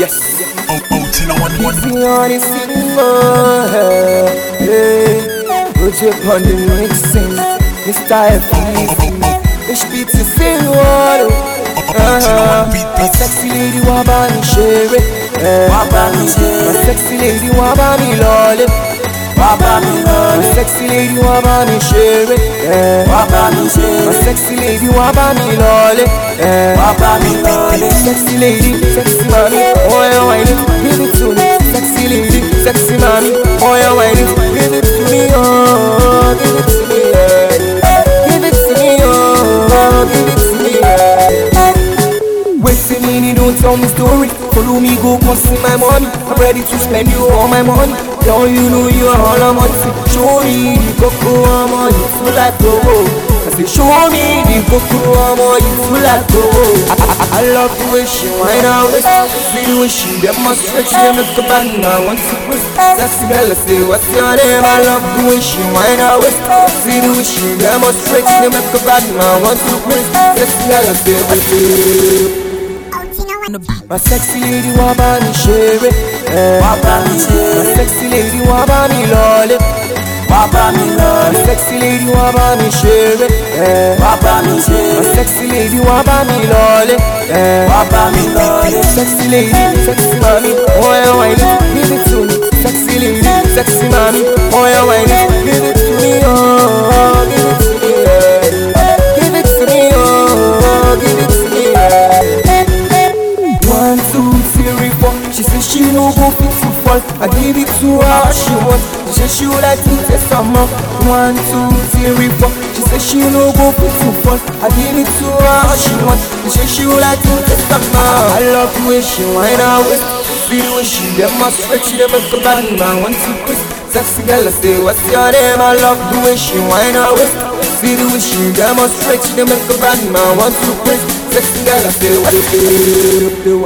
Yes. Out, out in a one one. Keep me on it simple. Yeah. Put your on the mixing. This style for me. Ich spielt sie viel Water. My uh-huh. sexy lady want buy me sherry. Want buy me sherry. My sexy lady want buy me lolly. Want buy me sexy lady wa bá mi ṣeré. Wá bá mi ṣeré. My sexy lady wá bá mi lọlé. Wá bá mi lọlé. Sexy lady, sexy mami, wọ́n yẹ wáyé. tell me story. Follow me, go consume my money. I'm ready to spend you all my money. Don't you know you are all I want? Show me the coco I'm on you, full like go. I say, show me the coco I'm on you, full like go. I, I, I love the way she whine out. See the way she demonstrates she make a bang. I want to press Sexy girl, I say, what's your name? I love the way she whine out. See the way she demonstrates she make a bang. I want to press Sexy girl, I say, what's your name? My sexy lady want bá mi ṣeré. Wá bá mi ṣeré. My sexy lady want bá mi lọlé. Wá bá My sexy lady want bá mi ṣeré. Wá bá mi ṣeré. My sexy lady want bá mi lọlé. Wá bá Sexy lady, sexy mami, oya wáyé, give it to me. Sexy lady, sexy mami, oya wáyé. she no go fit to fall I give it to her she want She say she would like to test her mouth One, two, three, four She say she no go fit to fall I give it to her she want She say she would like to test her mouth I love the way she whine her waist See the way she get my stretch She never make her body man want Sexy girl I say what's your name I love the way she whine her waist See the way she get my stretch She never make her body man want Sexy girl I say what's your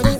name